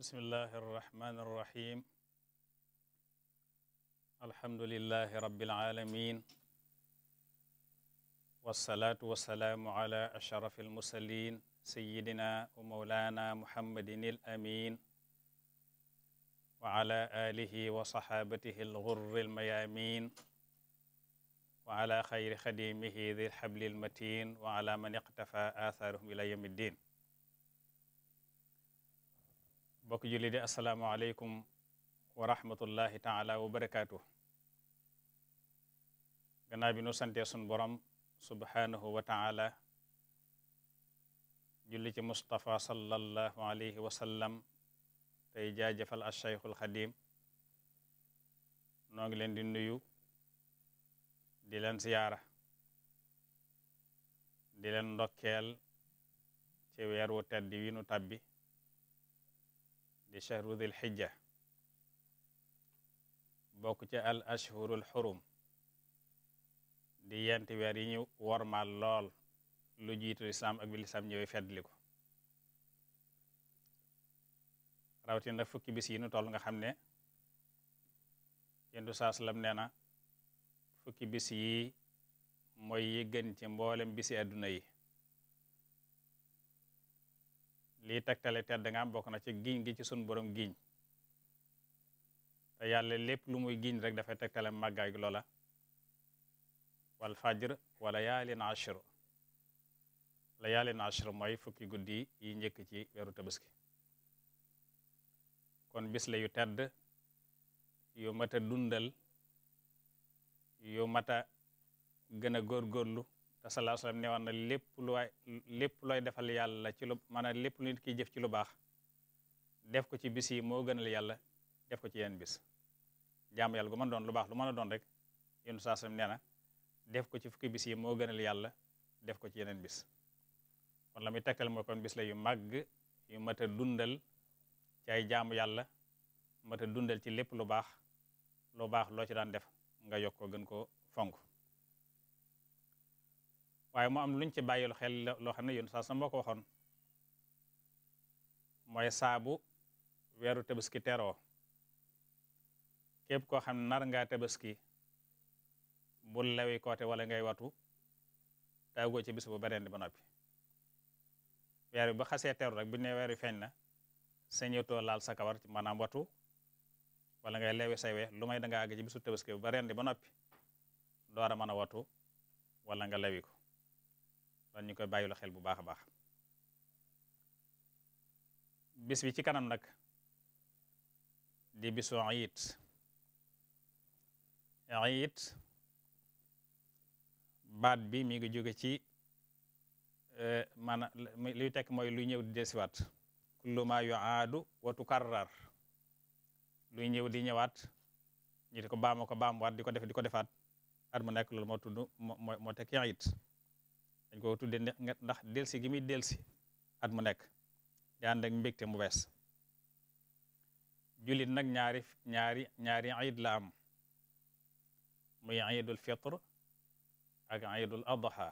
bismillahi arrahmani arrahim alhamdulillahi rabbil alamin wasalaatu wasalaamu ala ashrafi almursalin sayidina wa mawlana muhammadin alamin wa ala alihi wa saxaabatihi alxurri almayamin wa ala xayri xadimihi di lxabli almatin wa ala man iqtafa athaarahum ila yawmi ddin bokk julli di asalaamaaleykum wa rahmatullahi taala wa barakaatu gannaaw bi nu santee sun borom subhaanahu wa taala julli ci mustapha sallallahu alayhi wa sallam tey jaajëfal ashaykhul xadim noo ngi leen di nuyu di leen siyaara di leen ndokkeel ci weer wu tedd wi nu tàbbi di chahru dil xijja bokk ci al ashhurul xurum di yenti weer yi ñu wormaal lool lu jiitu lislaam ak bi lislaam ñëwee nag fukki bis yi nu toll nga xam ne yendu saa salaam nee na fukki bis yi mooy yi gën ci mboolem bisi àdduna yi lii tegtale tedd nga am bokk na ci giñ gi ci sun borom giñ te yàlla lépp lu muy giñ rek dafay tegtale màggaay lola loola wal fajr wala yaalin ashir la yaalin ashir mooy fukki guddi yi njëkk ci weeru tabaski kon bis la yu tedd yu mat dundal yu mat a gën a góorgóorlu te sallallahu alayhi wa sallam newoon na lépp lu waay lépp looy defal yàlla ci lu maanaam lépp lu nit kiy jëf ci lu baax def ko ci bisi moo gënal yàlla def ko ci yenn bis jaamu yàlla gu doon lu baax lu mën a doon rek yéen saa nee na def ko ci fukki bis moo gënal yàlla def ko ci yeneen bis kon la takkal tegtal mooy kon bis la yu màgg yu mat dundal ci ay jaamu yàlla mat dundal ci lépp lu baax lu baax loo ci daan def nga yokk ko gën koo fonk waaye mu am luñ ci bàyyil xel loo xam ne yoon saa sa moo ko waxoon mooy saabu weeru tabaski teroo képp koo xam ne nar ngaa tabaski bul lawi koote wala ngay watu taagoo ci bis bu beneen di ba noppi weer bi ba xasee teru rek bu ne weer bi feeñ na sañatoo laal sa kawar maanaam watu wala ngay leewi say we lu may da nga àgg ci bisu tabaski bu ba ba noppi door mën a watu wala nga lewi ko doon ñu koy bàyyiloo xel bu baax baax bis bi ci kanam nag di bisu iid iid baat bi mi ngi jóge ci e, maana luy tekk mooy luy ñëw di desiwaat kullu ma yuaadu wa tukarrar luy ñëw di ñëwaat ñu di ko baamoo ko baam waat di ko def di ko defaat at mu nekk loolu moo tudd moo moo dañ ko tuddee ndax delsi gi muy delsi at mu nekk di ànd ak mu bees jullit nag ñaari ñaari ñaari iid la am muy iidul fitre ak iidul adha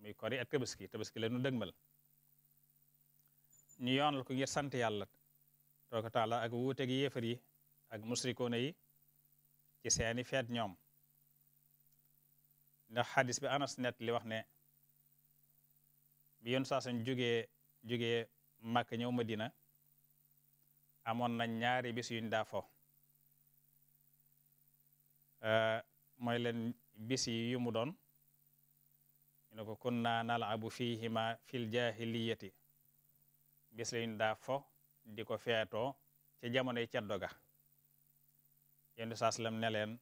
muy kori ak tabaski tabaski la ñu dëgmal ñu yoonal ko ngir sant yàlla tooka taala ak wuute gi yéefar yi ak musrikoona yi ci seeni feet ñoom ndax xadis bi anas net li wax ne bi yoon saa sañ jógee jógee màkk ñëw madina amoon na ñaari bis yuñ daa fo euh, mooy leen bis yi mu doon ñu ko kunna nalabu fihima fil jahiliyati bis la daa fo di ko feetoo ca jamonoy ceddo ga yéen saas lam neleen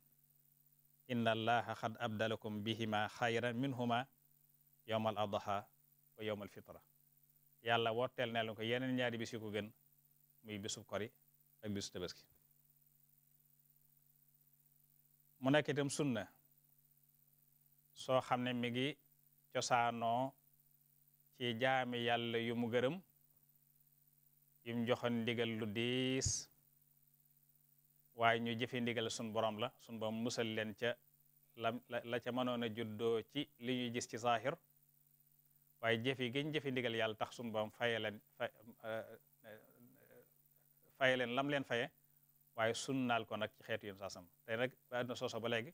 inna allaha xad abdalakum bihima xayran minhuma yowmal adha wa yowmal fitra yàlla wotel ne la ko yeneen ñaari bis yu ko gën muy bisub kori ak bisu tabaski mu nekk itam sunna soo xam ne mi ngi cosaanoo ci jaami yàlla yu mu gërëm yum joxoon ndigal lu waaye ñu jëfe ndigal sun borom la sun borom musal leen ca la la ca mënoon a juddoo ci li ñuy gis ci saahir waaye jëfe giñ jëfe ndigal yàlla tax sun borom faye leen euh, euh, faye leen lam leen faye waaye sunnaal ko nag ci xeetu yén saasam tey nag ba àdduna sooso ba léegi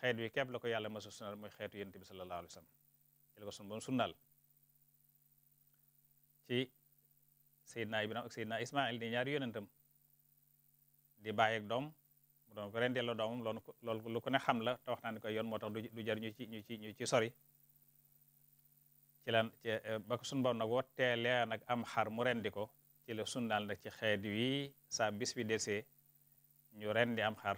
xeet wi képp la ko yàlla mësa sunnaal mooy xeetu yonent bi sallallahu alayhi wa sallam ci la ko sun borom sunnaal ci Seydina Ibrahima ak Seydina Ismail ni ñaari yonentam di bàyyi doom mu doon ko rendeel la doomam loolu ko ne xam la te waxtaan ne koy yoon moo tax du jar ñu ci ñu ci ñu ci sori ci la eh, ba ko sunu borom nag wootee nag am xar mu rendi ko ci la sunnaal nag ci xeet wi saa bis bi desee ñu rendi am xar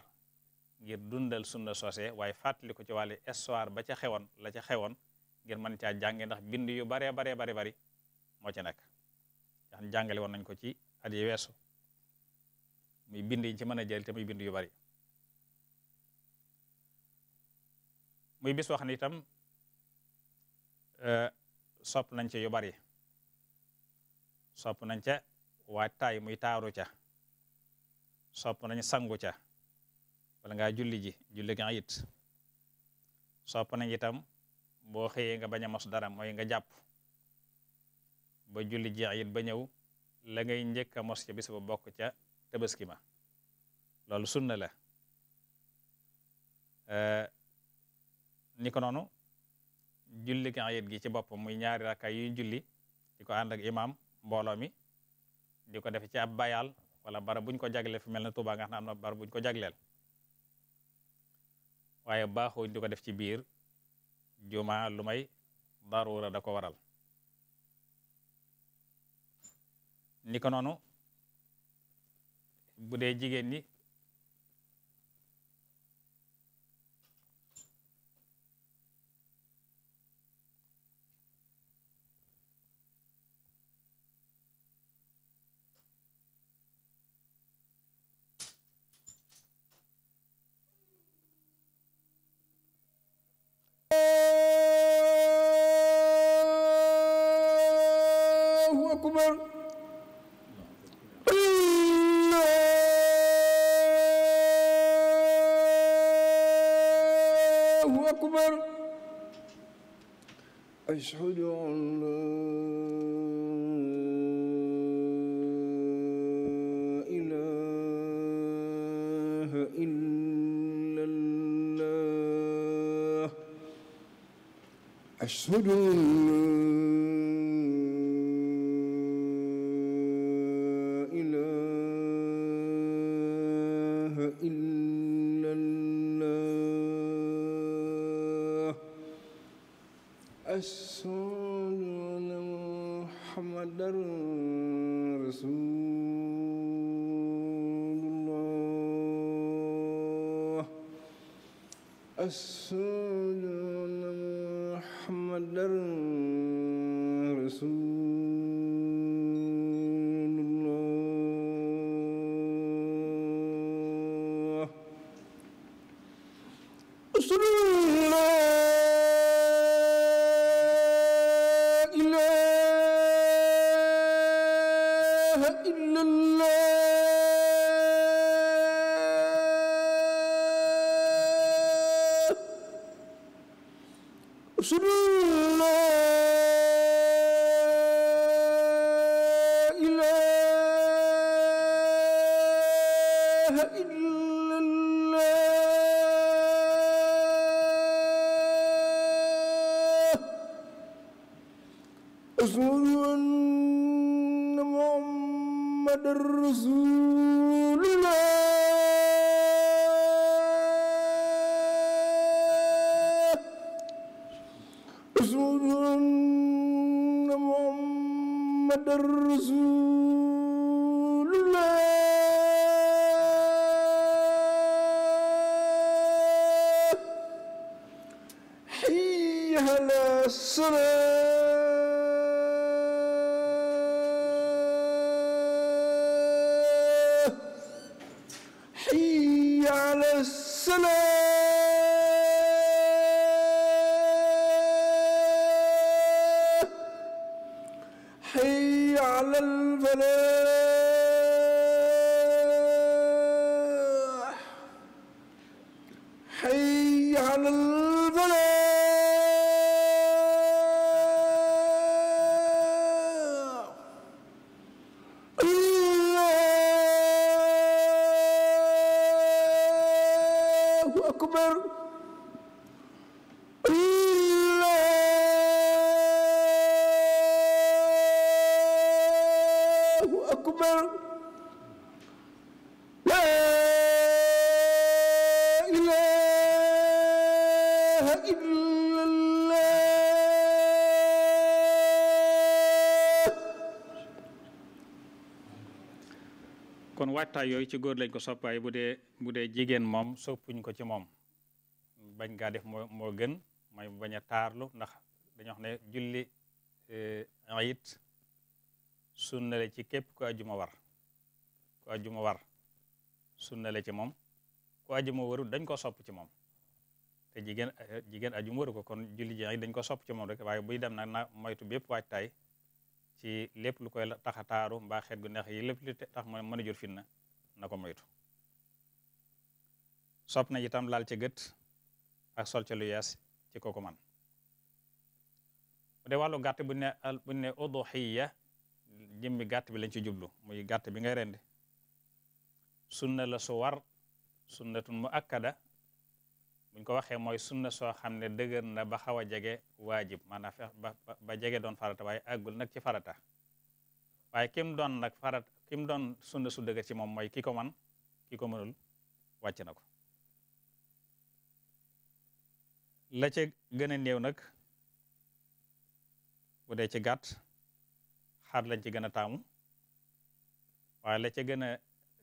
ngir dundal sunna sose waaye fàttali ko ci wàllu histoire ba ca xewoon la ca xewoon ngir mën caa jànge ndax bind yu baree baree bari bari moo ci nekk jàngale woon nañ ko ci at weesu muy bind yi ci mën a te muy bind yu bari muy bis wax ni itam euh, sopp nañ ca yu bari sopp nañ ca waa taay muy taaru ca sopp nañ sangu ca wala ngaa julli ji julli gi it sopp nañ itam boo xëyee nga bañ a mos dara mooy nga jàpp ba julli ji it ba ñëw la ngay njëkk a mos ca bis ba bokk ca tabaski ma loolu sunna la eh, ni noonu julli kan yet gi ci boppam muy ñaari rakka yuy julli di ko ànd ak imaam mbooloo mi di ko def ci ab bayal wala bara buñ ko jagleel fu mel na Tuubaa nga xam am na bara buñ ko jagleel waaye baaxuñ di ko def ci biir juma lu may daruura da ko waral ni noonu bu dee jigéen ñi أشهد لا إله إلا الله أشهد أن محمدا رسول الله أشهد يهل السلام gàttaay yooyu ci góor lañ ko sopp waaye bu dee bu dee jigéen moom soppuñ ko ci moom bañ gaa def moo moo gën mooy bañ a taarlu ndax dañoo wax ne julli eh, ayit sunna la ci képp ku ajuma war ku ajuma war sunna la ci moom ku ajuma waru dañ ko sopp ci moom te jigéen jigéen ajuma waru ko kon julli ji ayit dañ ko sopp ci moom rek waaye buy dem nag na moytu bépp waajtaay ci lépp lu koy tax a taaru mbaa xeet gu neex yi lépp li tax mooy mën a jur fitna na ko moytu sopp na itam laal ci gët ak sol ci lu yees ci kooku man bu dee wàllu gàtt bu ne uduxiya jëmmi gàtt bi lañ ci jublu muy gàtt bi ngay rendi sunna la su war sunnatun mu akkada buñ ko waxee mooy sunna soo xam ne dëgër na ba xaw a jege waajib maanaam ba jege doon farata waaye àggul nag ci farata waaye kim doon nag farata ki mu doon sunna su dëgër ci moom mooy ki ko man ki ko mënul wàcc na ko la ca gën a néew nag bu de ci gàtt xar lañ ci gën a taamu waa la ca gën a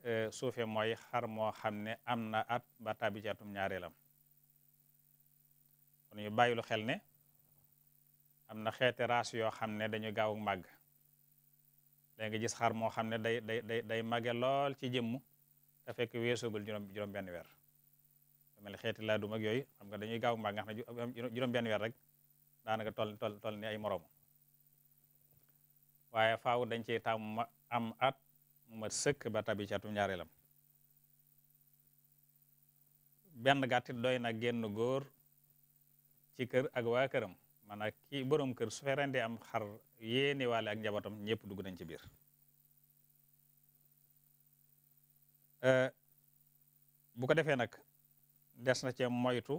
e, suufe mooy xar moo xam ne am na at ba tàbbi ci atum ñaareelam kon ñu bàyyilu xel ne am na xeeti ras yoo xam ne dañu gaawu màgg léegi nga gis xar moo xam ne day day day day mage lool ci jëmm te fekk weesoogul juróom juróom benn weer mel ni xeeti laa dum mag yooyu xam nga dañuy gaaw mag nga xam ne juróom benn weer rek daanaka toll toll toll ni ay moroom waaye faaw dañ ci tam am at mu mat sëkk ba tabi ci atum ñaareelam benn gàttit doy na génn góor ci kër ak waa këram maanaam kii borom kër su fee rendee am xar yéene waale ak njabootam ñëpp dugg nañ ci biir euh, bu ko defee nag des na cee moytu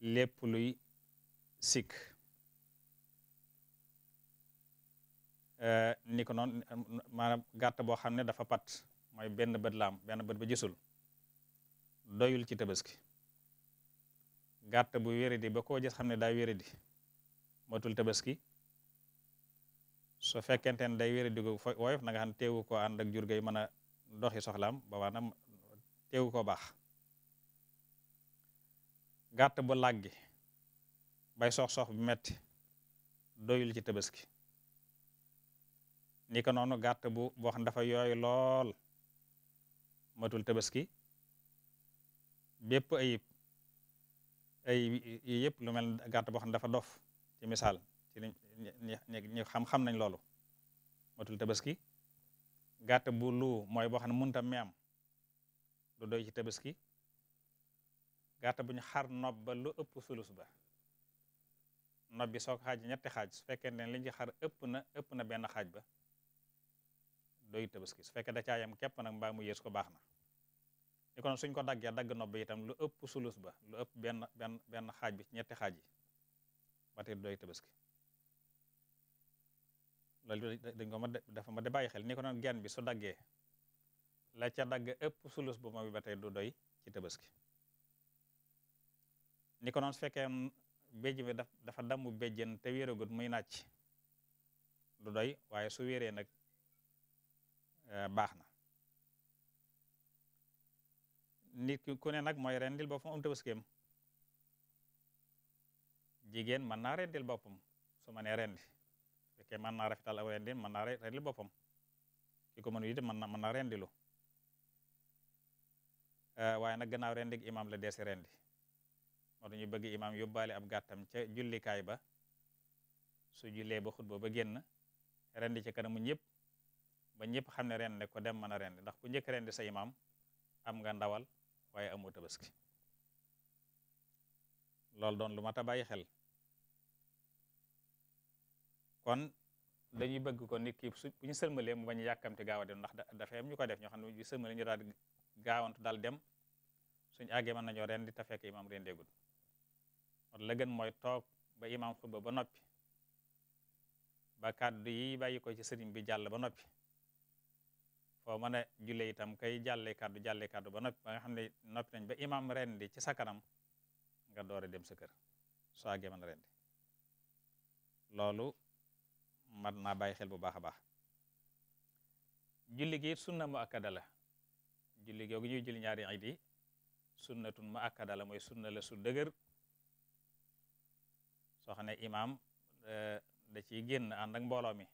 lépp luy sikk euh, ni ko noonu maanaam gàtt boo xam ne dafa pat mooy benn bët laam benn doyul ci tabaski gàtt bu wéradi ba koo gis xam ne daa wéradi matul tabaski soo fekkente ne day wéri digu woyof na nga xam teewu koo ànd ak jur gay mën a doxi soxlaam ba maanaam teewu ko baax gàtt bu làggi bay sox-sox bi metti doyul ci tabaski ni ko noonu gàtt bu boo xam dafa yooy lool matul tabaski bépp ayib ay yëpp lu mel gàtt boo xam dafa dof ci misaal ci liñ ñu xam-xam nañ loolu matul tabaski gàtt bu lu mooy boo xam ne mënut a meem lu doy ci tabaski gàtt bu ñu xar nob ba lu ëpp sulus ba nob bi soo xaaj ñetti xaaj su fekkee ne liñ ci xar ëpp na ëpp na benn xaaj ba doy tabaski su fekkee da caayam yam képp nag mbaa mu yées ko baax na ni kon suñ ko daggee dagg nob bi itam lu ëpp sulus ba lu ëpp benn xaaj bi ñetti xaaj yi ba tey doy tabaski loolu dañ ko ma dafa ma de bàyyi xel ni ko noon bi su daggee la ca dagg ëpp sulus bu ma bi ba tey du doy ci tabaski ni ko noon su fekkee béjj bi dafa damu béjjén te wéeragut muy nàcc du doy waaye su wéeree nag eh, baax na nit ku ne nag mooy rendil boppam am tabaskeem jigéen mën naa rendil boppam so ma nee rendi su fekkee mën naa rafetal aw rendin mën naa rendil boppam ki ko mën it mën na mën naa rendilu eh, waaye nag gannaaw rendi imaam la deesi rendi moo tax ñu bëgg imaam yóbbaale ab gàttam ca jullikaay ba su jullee ba xutba ba génn rendi ci kanamu ñëpp ba ñëpp xam ne rendi ko dem mën a rendi ndax ku njëkk rendi sa imaam am nga ndawal waaye amoo tabaski loolu doon lu mat a bàyyi xel kon dañuy bëgg ko nit ki su ñu sëlmalee mu bañ a yàkkamti gaaw a dem ndax dafa am ñu ko def ñoo xam ne ñu sëlmalee ñu daal gaawantu dal dem suñu àggee man nañoo ren di ta fekk imaam ren déegul la gën mooy toog ba imaam xutba ba noppi ba kàddu yi bàyyi ko ci sëriñ bi jàll ba noppi foo mën a julle kay jàlle kàddu jàlle kàddu ba noppi ba nga xam ne noppi ba imaam ren di ci sa kanam nga door dem sa kër soo àggee mën ren di loolu mat naa bàyyi xel bu baax a baax julli gi sunna mu akkada la julli googu ñuy julli ñaari iid yi sunnatun mu akkada la mooy sunna la su dëgër soo xam imaam e, da ciy génn ànd ak mbooloo mi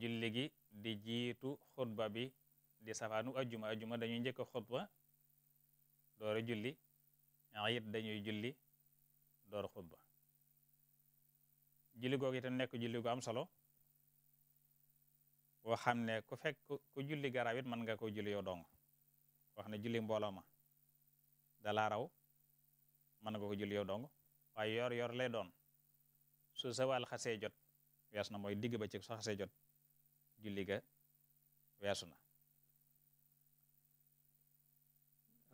julli gi di jiitu xutba bi di safaanu ajjuma ajjuma dañuy njëkk a xutba door a julli iid dañuy julli door xutba julli googu itam nekk julli gu am solo boo xam ne ku fekk ku julli garab it mën nga ko julli yow dong wax ne julli mbooloo ma dalaa raw mën nga ko julli yow dong waaye yor yor lay doon su sa wàll jot weesu na mooy digg ba ci su jot julli ga weesu na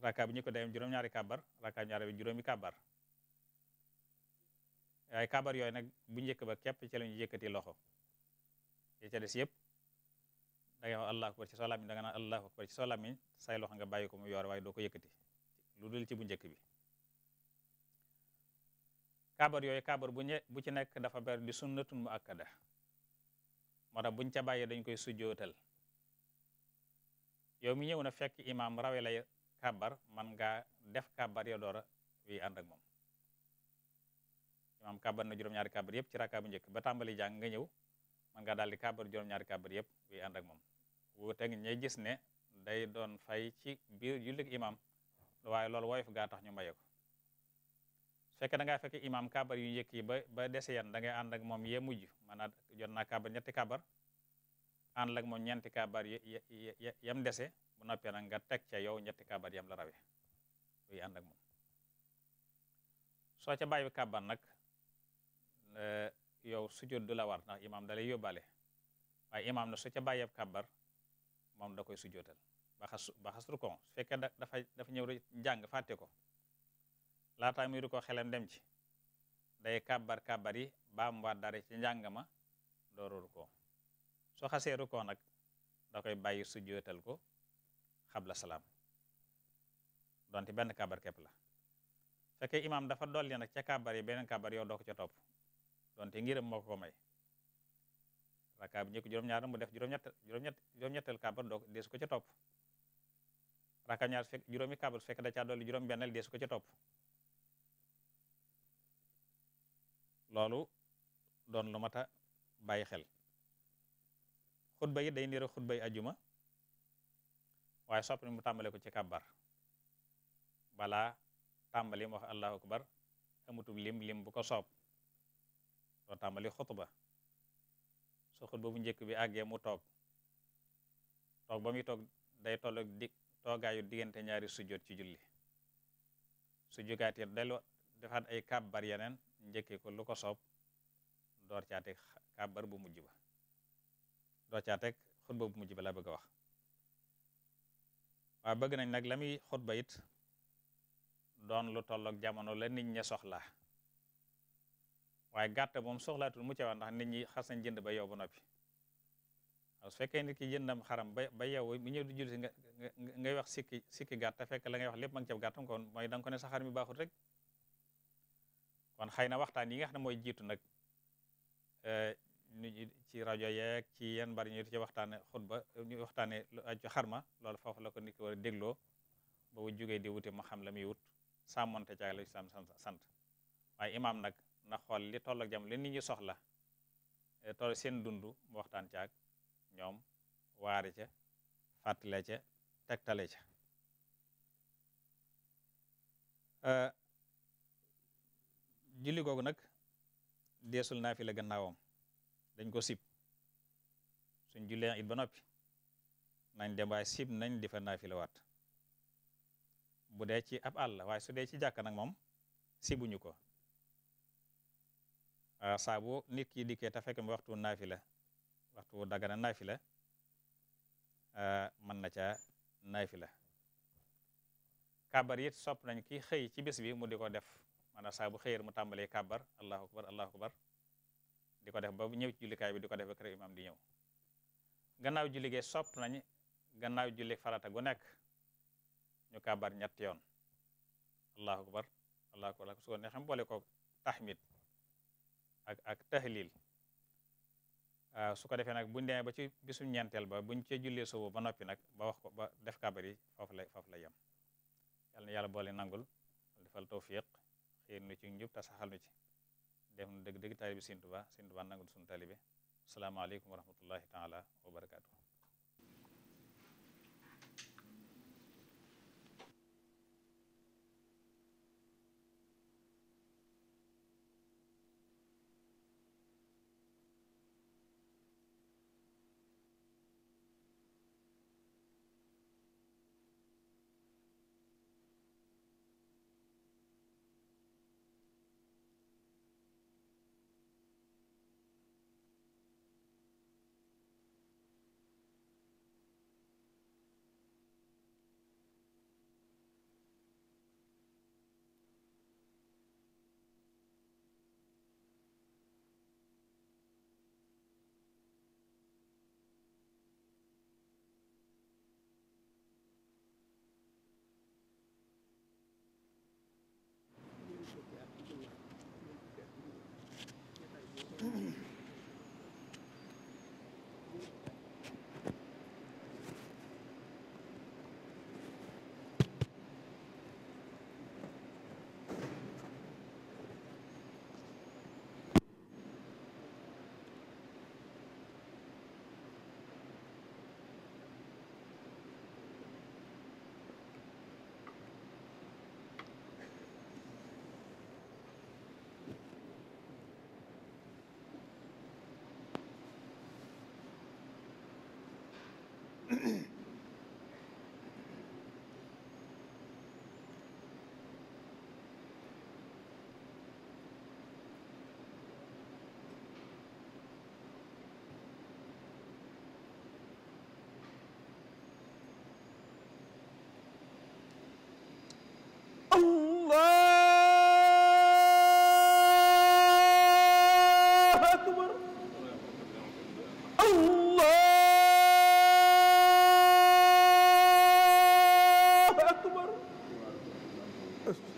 rakab bi ñu ko dem juróom-ñaari kàbbar rakab ñaari bi juróomi kàbbar waaye kabar yooyu nag bu njëkk ba kepp ci la ñu loxo yi ca yëpp da ngay wax allahu akbar ci soo làmmiñ da nga naan ko mu yoor waaye doo ko yëkkati lu dul ci bu njëkk bi kaabar yooyu kaabar bu bu ci nekk dafa ber di sunnatun mu akkada moo tax buñ ca bàyyee dañ koy sujjootal yow mi ñëw na fekk imaam rawe lay kabar man ngaa def kabar ya doora wi ànd moom imaam kàbbar na juróom-ñaari kàbbar yëpp ci rakkaa bu njëkk ba tàmbali jàng nga ñëw man ngaa ak moom wuuteeg ñay gis ne day doon fay ci biir jullig imam waaye loolu woyof gaa tax ñu maye ko su fekkee da ngaa fekk imaam kàbbar yu njëkk yi ba ba dese yan da ngay ànd moom yee mujj maanaam jot naa kàbbar ñetti kàbbar ànd ak moom ñeenti kàbbar yam dese bu noppee nag nga teg ca yow ñetti kàbbar yam la rawee buy ànd moom soo ca bàyyi kàbbar nag yow sujjóot du la war ndax imaam da lay waaye imaam na su ca bàyyeeb kàbbar moom da koy sujjóotal ba xas ba xas rukon su fekkee dafa dafa ñëw jàng fàtte ko laataa muy rukoo xelam dem ci day kàbbar kàbbar ba mu war dara ci ma dooru rukoo soo xasee rukoo nag da koy bàyyi sujjóotal ko xabla salaam donte benn kàbbar képp la fekkee imaam dafa dolli nag ca kàbbar yi beneen kàbbar yow doo ko ca topp donte ngërëm moo ko may rakkaa bi njëkk juróom-ñaar mu def juróom-ñett juróom-ñett juróom doo deesu ko ca topp rakkaa fekk juróomi kàbbar fekk da caa juróom-benneel deesu ko ca topp loolu doon lu mat a bàyyi xel xutba yi day xutba yi ajuma waaye sopp mu tàmbale ko ci kàbbar balaa tàmbali mu wax allahu akbar amutub lim lim bu ko soob soo tàmbali xutba soo xutba bu njëkk bi àggee mu toog toog ba muy toog day toll di toogaayu diggante ñaari sujjoot ci julli su jógaatee dellu defaat ay kàbbar yeneen njëkkee ko lu ko soob door caateg kàbbar bu mujj ba door caateg xutba bu mujj ba la bëgg wax waa bëgg nañ nag la muy xutba it doon lu tollook jamono la nit ña waaye gàtt moom soxlaatul mu cawaat ndax nit ñi xas nañ jënd ba yow ba noppi su fekkee nit ki jëndam xaram ba ba yow mi ñëw di julli si nga ngay wax sikki sikki gàtt fekk la ngay wax lépp ma ngi ca gàttam kon mooy da nga ne sa xar mi baaxul rek kon xëy na waxtaan yi nga xam ne mooy jiitu nag eh, ci rajo yeeg ci yenn bari ñu ci waxtaane xutba ñu waxtaane lu aju xarma loolu foofu la ko nit ki war a dégloo ba bu jógee di wuti ma xam la muy wut sàmmonte caag la islam sant waaye imaam nag na xool li toll ak jam li nit ñi soxla eh, toll seen dund mu waxtaan ca ak ñoom waari ca fàttale ca tegtale ca eh, julli googu nag desul naa fi la gannaawam dañ ko sib suñ jullee it ba noppi nañ dem waaye sib nañ di fa naafi waat bu dee ci ab àll waaye su dee ci jàkk nag moom sibuñu ko Euh, saabu bu nit ki dikkee te fekk mi waxtu naafila waxtu dagana naafila euh, mën na caa naafila kabar it sop nañ ki xëy ci bis bi mu di ko def maanaam saabu bu mu tàmbalee kabar allahu akbar allahu akbar di ko def ba ñëw ci jullikaay bi di ko def ba kër imam di ñëw gannaaw julli gee sopp nañ gannaaw julli farata gu nekk ñu kabar ñett yoon allahu akbar allahu akbar su ko neexee boole ko taxmid ak ak tahlil ah, su ko defee nag bu demee ba ci bisu ñeenteel ba buñ cee jullee suba ba noppi nag ba wax ko ba def kabar yi foofu la foofu la yem yàlla na yàlla boole nangul defal tawfiq xiir nu ci njub te saxal nu ci def nu dëgg-dëgg taalibi Sëñ Tuubaa Sëñ Tuubaa nangul suñu taalibe asalaamaaleykum wa rahmatullahi taala wa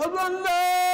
أشهد أن لا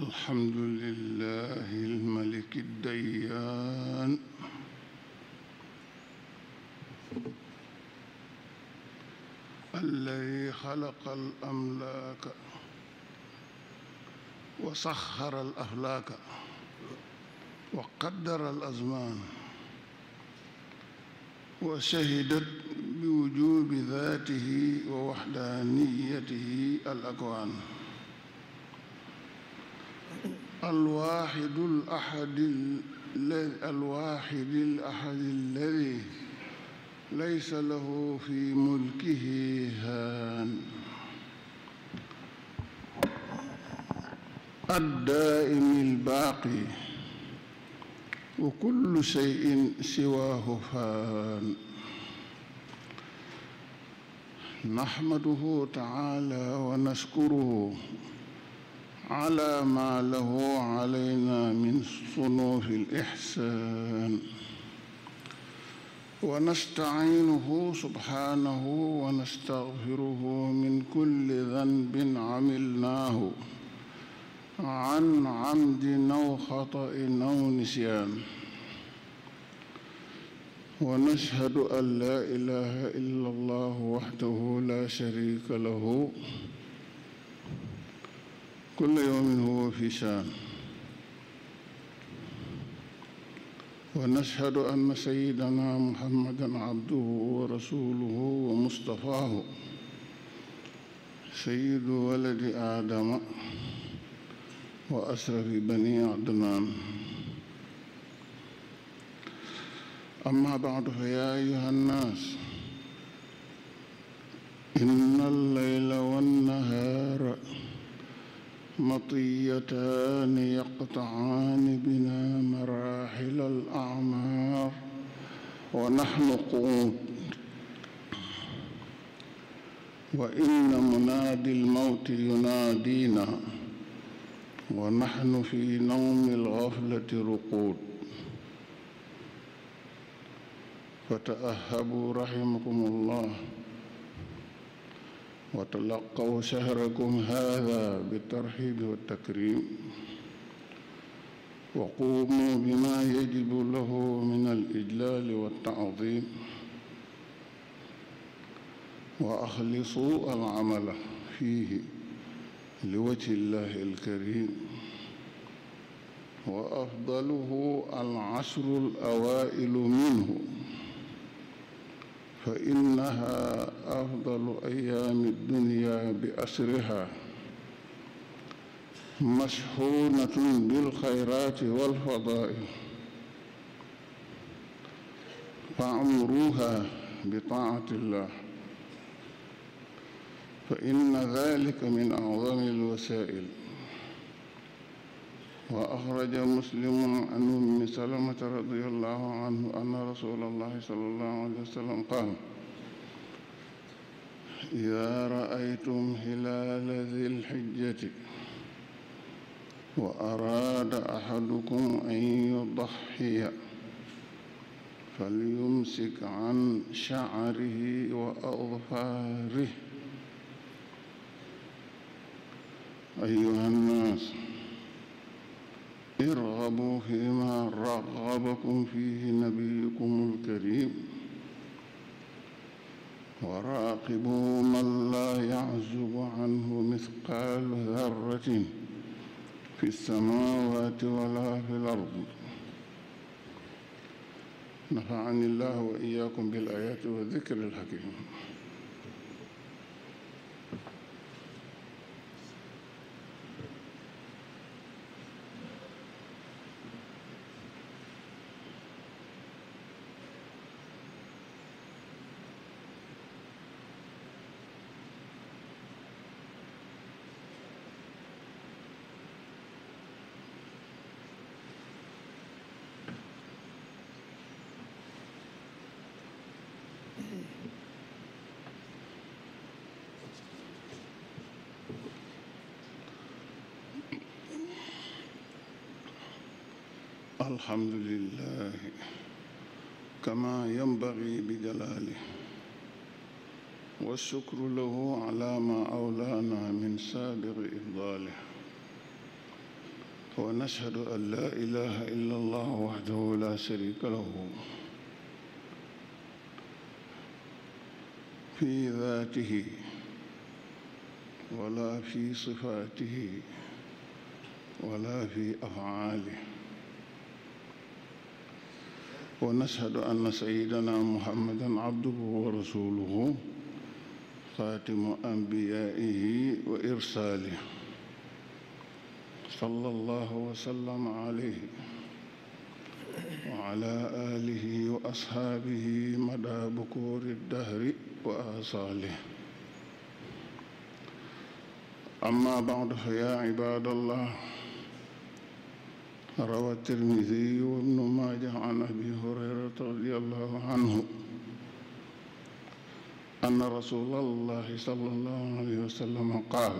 الحمد لله الملك الديان الذي خلق الأملاك وسخر الأفلاك وقدر الأزمان وشهدت wujubi daatihi wa waxdaaniyatihi al akwaan alwaxidu al axadi alwaxidi al axadi alladi laysa lahu fi mulkihi haan الدائم الباقي وكل شيء سواه فان نحمده تعالى ونشكره على ما له علينا من صنوف الإحسان ونستعينه سبحانه ونستغفره من كل ذنب عملناه عن عمد أو خطأ أو نسيان ونشهد أن لا إله إلا الله وحده لا شريك له كل يوم هو في شان ونشهد أن سيدنا محمدا عبده ورسوله ومصطفاه سيد ولد آدم وأسرف بني عدنان أما بعد فيا أيها الناس إن الليل والنهار مطيتان يقطعان بنا مراحل الأعمار ونحن قود وإن منادي الموت ينادينا ونحن في نوم الغفلة رقود وتأهبوا رحمكم الله وتلقوا شهركم هذا بالترحيب والتكريم وقوموا بما يجب له من الإجلال والتعظيم وأخلصوا العمل فيه لوجه الله الكريم وأفضله العشر الأوائل منه fa innaha afdalu ayaami dunya bi asriha mashxuunatun bilxayraati walfadaa'il fa amruha bi taatillah fa inna dalika min acdami alwasaa'il وأخرج مسلم عن أم سلمة رضي الله عنه أن رسول الله صلى الله عليه وسلم قال إذا رأيتم هلال ذي الحجة وأراد أحدكم أن يضحي فليمسك عن شعره وأظفاره أيها الناس ارغبوا فيما رغبكم فيه نبيكم الكريم وراقبوا من لا يعزب عنه مثقال ذرة في السماوات ولا في الأرض نفعني الله وإياكم بالآيات والذكر الحكيم الحمد لله كما ينبغي بجلاله والشكر له على ما أولانا من سابق إفضاله ونشهد أن لا إله إلا الله وحده لا شريك له في ذاته ولا في صفاته ولا في أفعاله ونشهد أن سيدنا محمدا عبده ورسوله خاتم أنبيائه وإرساله صلى الله وسلم عليه وعلى آله وأصحابه مدى بكور الدهر وآصاله أما بعد فيا عباد الله روى الترمذي وابن ماجه عن أبي هريرة رضي الله عنه أن رسول الله صلى الله عليه وسلم قال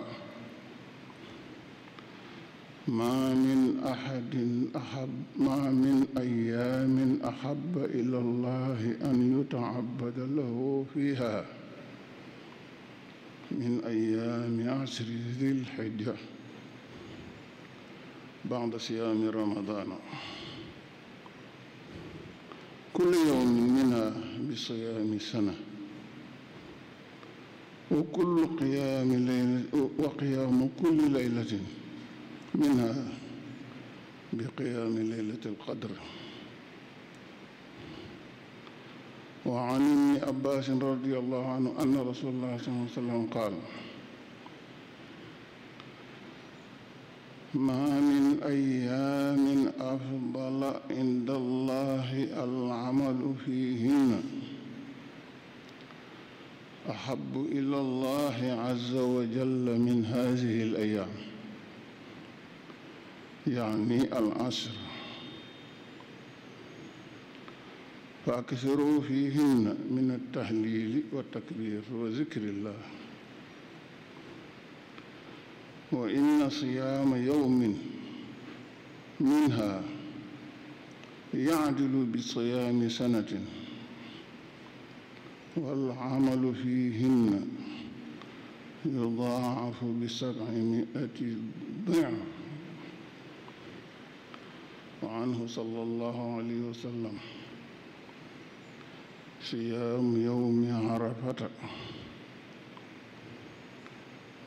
ما من أحد أحب ما من أيام أحب إلى الله أن يتعبد له فيها من أيام عشر ذي الحجة ba'da siyaami ramadaana kulla yawmin minhaa bi siyaami sana wa kullu qiyaami laylatin wa qiyaamu kulli laylatin minhaa bi qiyaami laylatil qadr wa an ibni abbaasin radiyallaahu anhu anna rasuulallaahi sallallaahu alayhi wa sallam qaala ما من أيام أفضل عند الله العمل فيهن أحب إلى الله عز وجل من هذه الأيام يعني العشر فأكثروا فيهن من التهليل والتكبير وذكر الله وإن صيام يوم منها يعدل بصيام سنة والعمل فيهن يضاعف بسبعمائة ضعف وعنه صلى الله عليه وسلم صيام يوم عرفة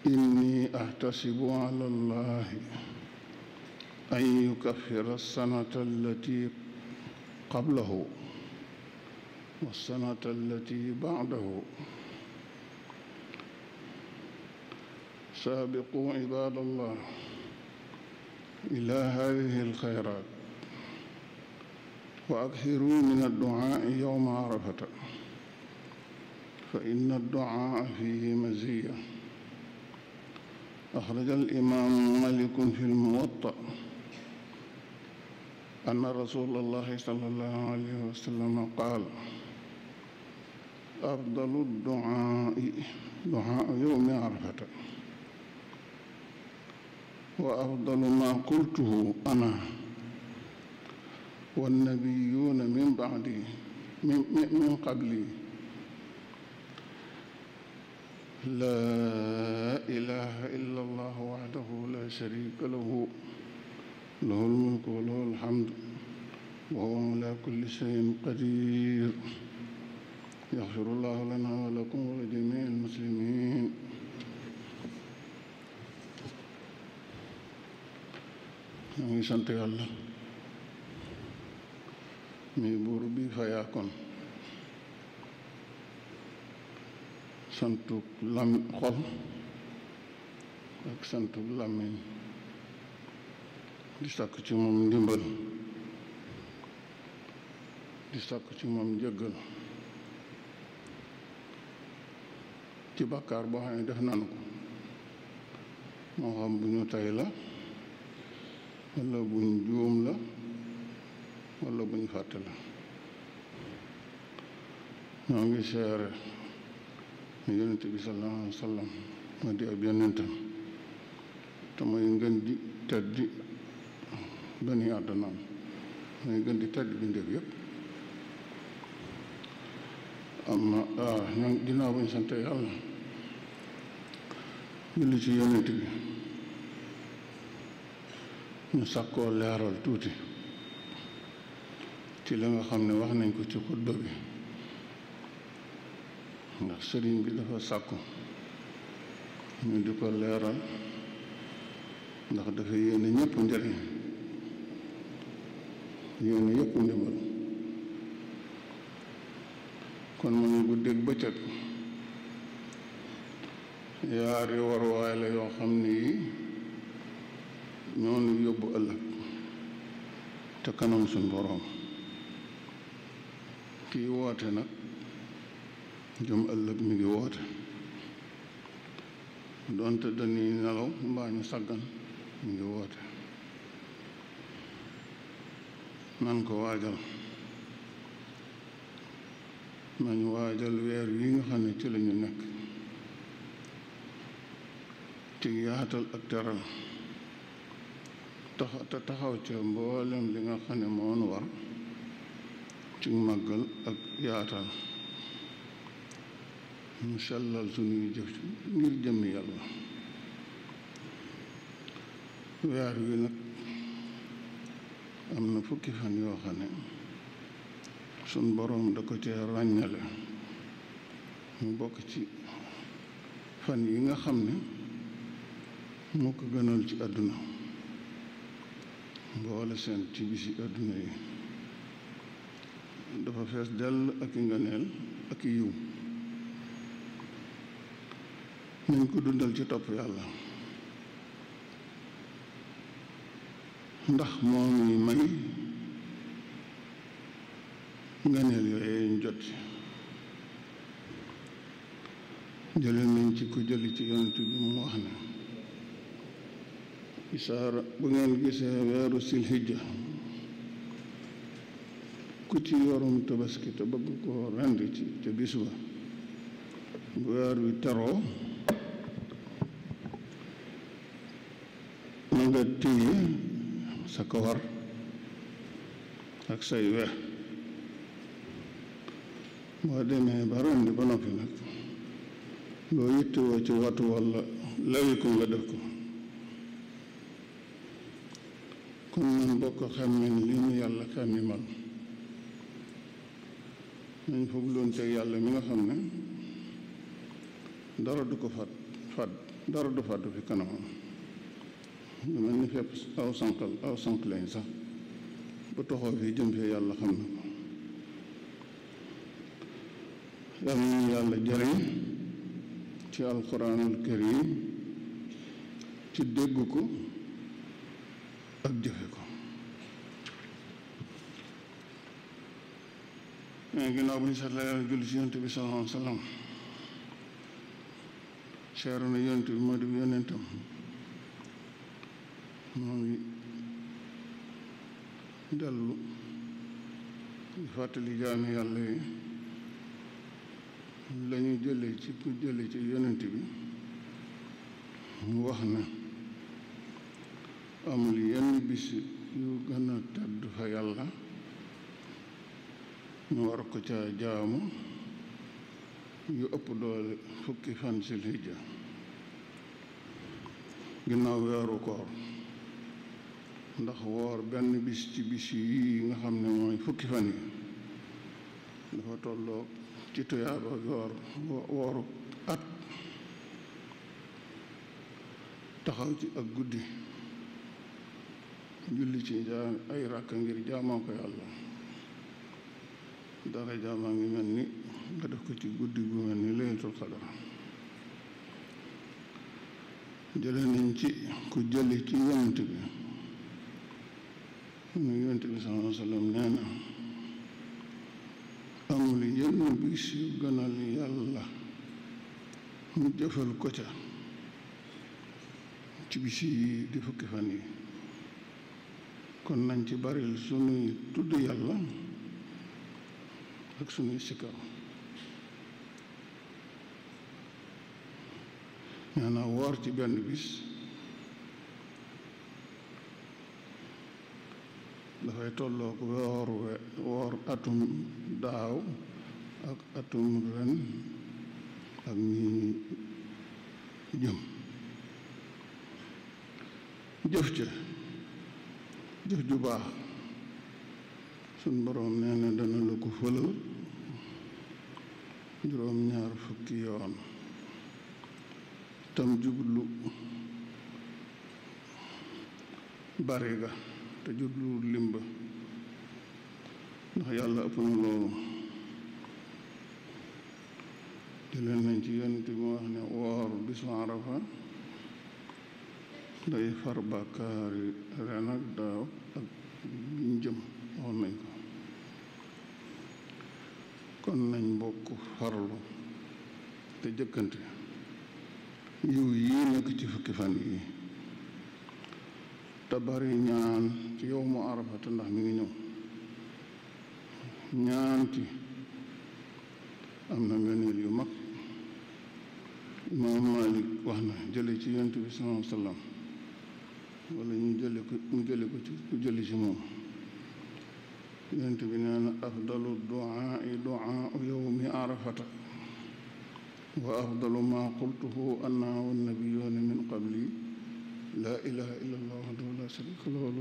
inni ahtasibu ala allahi an yukaffira alsanata allati qablahu walsanata allati bacdahu saabiquu cibaad allah ila hadihi alxayrat wa aksiruu min adducaai yowma arafata fa inna adducaa fihi maziya أخرج الإمام مالك في الموطأ أن رسول الله صلى الله عليه وسلم قال أفضل الدعاء دعاء يوم عرفة وأفضل ما قلته أنا والنبيون من بعدي من, من قبلي لا إله إلا الله وحده لا شريك له له الملك وله الحمد وهو على كل شيء قدير يغفر الله لنا ولكم ولجميع المسلمين ñu ngi sant yàlla mi buur bi fayaakoon santu lam xol ak làmmiñ di sàkk ci moom ndimbal di sàkk ci moom njëggal ci bàkkaar boo xam ne def nanu ko moo xam bu ñu tay la walla buñ juum la walla buñ fàtte la ñoo ngi seere yonent bi sallallahu alayhi wa sallam ma di ab yonentam te mooy ngën di teddi bani àddanaam mooy ngën di teddi bi ndéef yépp am na ginnaaw bu ñu sante yàlla julli ci yonent bi ñu sàkkoo leeral tuuti ci li nga xam ne wax nañ ko ci xutba bi ndax sëriñ bi dafa sàkku ñu di ko leeral ndax dafa yéene ñëpp njariñ yéene yëpp ndimbal kon mu ne guddeeg bëccëg yaari waruwaay la yoo xam ne yi ñoo nu yóbbu ëllëg te kanam suñ boroom kii woote nag jëm ëllëg mi ngi woote doonte dañuy nelaw mbaa ñu sàggan mi ngi woote nan ko waajal nañu waajal weer wi nga xam ne ci lañu nekk ci yaatal ak teral te taxaw ca mboolem li nga xam ne moonu war ci màggal ak yaatal ñu sellal suñuy jëf ngir jëmm yàlla weer wi nag am na fukki fan yoo xam ne suñ boroom da ko cee ràññale mu bokk ci fan yi nga xam ne moo ko gënal ci àdduna mboole seen ci bisi àdduna yi dafa fees dell ak i nganeel ak i yiw nañ ko dundal ci topp yàlla ndax moo ngi may nganeel yooyu ñu jot jëlee nañ ci ko jëli ci yonent bi mu wax ne isaara bu ngeen gisee weeru silhijja ku ci yorum tabaski te bëgg ko rend ci te bis ba bu weer wi teroo na nga téye sa kawar ak say we boo demee ba rendi ba noppi nag loo yittewoo ci watu walla lawiku nga def ko kon nan bokk xàmmin li ñu yàlla xàmmimal nañ foog loon teg yàlla mi nga xam ne dara du ko fat fat dara du fàddu fi kanamam lu ni fépp aw sànqal aw sànq lañ sax bu toxoo fii jëm fee yàlla xam na ko yàlla ñu yàlla jariñ ci alquranul karim ci dégg ko ak jëfe ko mais ginnaaw bu ñu seet la yàlla julli ci bi sallallahu alayhi wa na yonent bi moo di yonentam noo ngi dellu di fàttali jaami yàlla yi lañu jële ci ku jële ci yonent bi mu wax na amul yenn bis yu gën a tedd fa yàlla ñu war ko ca jaamu yu ëpp doole fukki fan si ginnaaw weeru koor ndax woor benn bis ci bis yi nga xam ne mooy fukki fan yi dafa tollook ci tuyaaba woor wooru at taxaw ci ak guddi julli ci jaam ay ràkk ngir jaamoo ko yàlla dara jaamaa ngi mel ni nga def ko ci guddi gu mel ni laylatul qadar jële nañ ci ku jëli ci yonent bi nu yonent bi sallallahu alayhi wa sallam nee amul yenn bis yu gënal yàlla mu jëfal ko ca ci bis yi di fukki fan yi kon nañ ci baril sunuy tudd yàlla ak sunuy sikkar nee woor ci benn bis dafay tolloog woor woor atum daaw ak atum ren ak ñi jëm jëf ca jëf ju baax suñ boroom nee na dana la ko fëlal juróom ñaar fukki yoon tam jublu bari ga te jublu limba ndax yàlla ëpp na loolu jëleen nañ ci yonent bi wax ne woor bisu arafa day far bàkkaar yi ren ak daaw ak jëm waxoon nañ ko kon nañ bokk farlu te jëkkante yiw yii nekk ci fukki fan yi te bari ñaan ci yow mu arafata ndax mi ngi ñëw ñaanti am na ngëneel yu mag imaam Malik wax na jële ci yonent bi sallallahu alayhi wa sallam wala ñu jële ko mu jële ko ci ku jële ci moom yonent bi nee na afdalu duaai duaau yowmi arafata wa afdalu ma qultuhu ana wa nabiyuuna min qabli laa ilaha illa allah la sharika lahu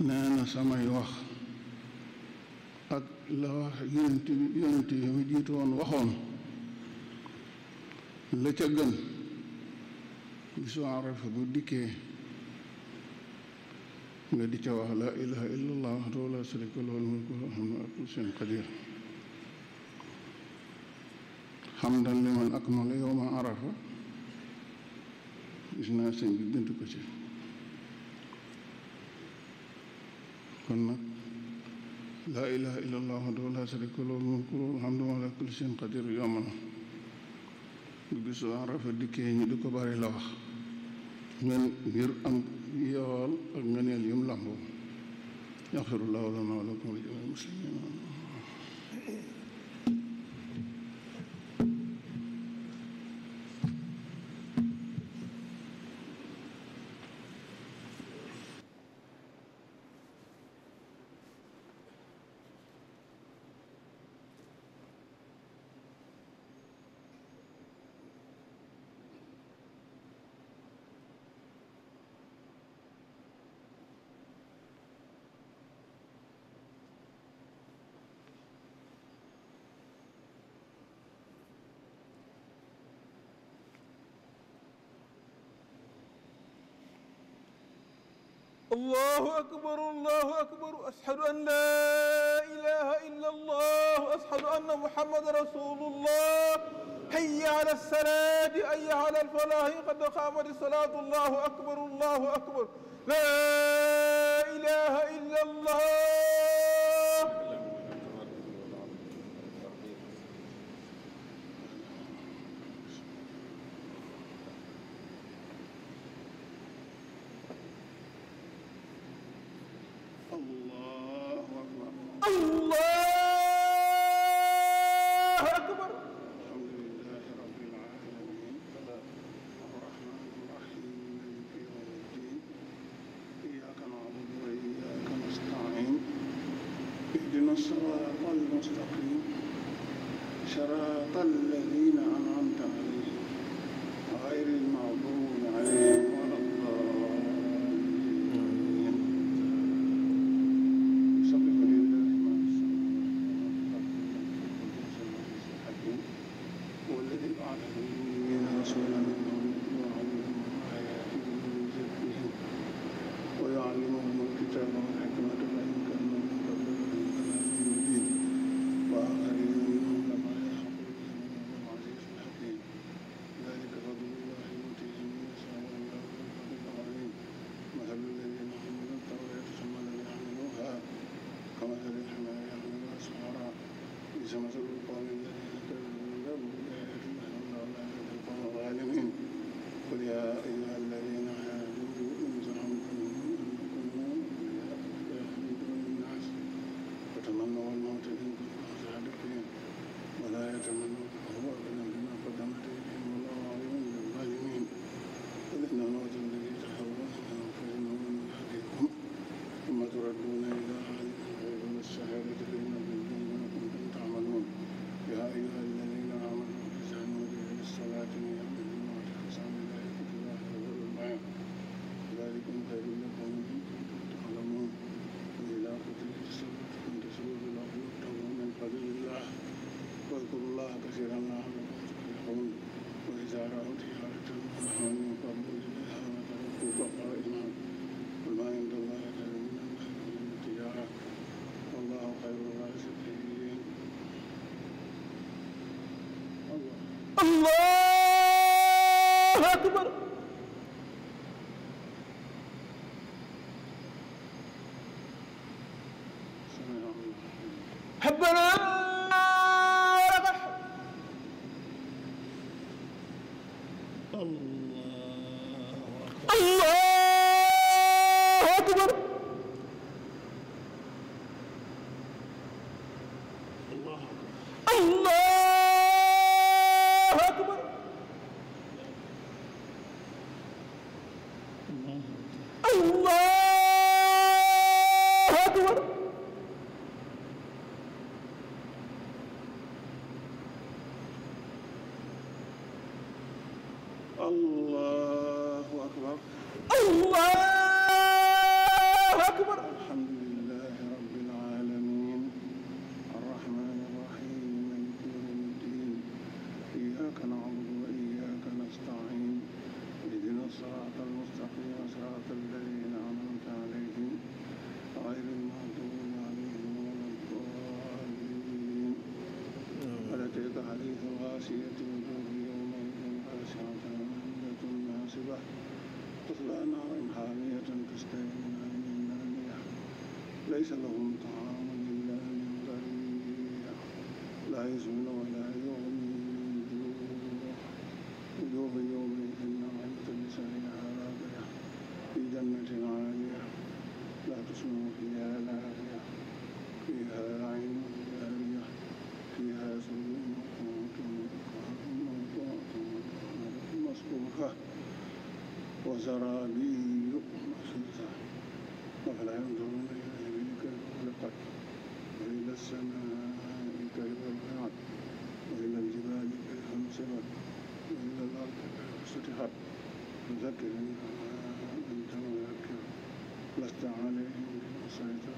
lahul samay wax ak la wax waxoon la ca gën bisu Arafa bu dikkee nga di ca wax laa ilaha illa allah wahdahu la sharika lahu lahul mulku wa hamdu ala kulli shay'in qadir hamdan liman akmala yawma arafa gis naa sëñ ko ci kon nag laa ilaha illa allah wahdahu la sharika lahu mulku alhamdu ala kulli na bu bis waa rafet dikkee ñu di ko bari la wax ngeen ngir am yool ak ngeneel yum làmboo yaxfirullahu lana wa lakum wa li jamiil muslimin الله أكبر الله أكبر أشهد أن لا إله إلا الله أشهد أن محمد رسول الله حي على الصلاة حي على الفلاح قد قامت الصلاة الله أكبر الله أكبر لا إله إلا الله جنة عالية لا تسمع فيها لاغية فيها عين جارية فيها سرور مرفوعة مصفوفة وزرابي مبسوطة أفلا ينظرون إلى الإبل كيف خلقت وإلى السماء كيف رفعت وإلى الجبال كيف نصبت وإلى الأرض كيف سطحت فذكر إنها استعانه سعيد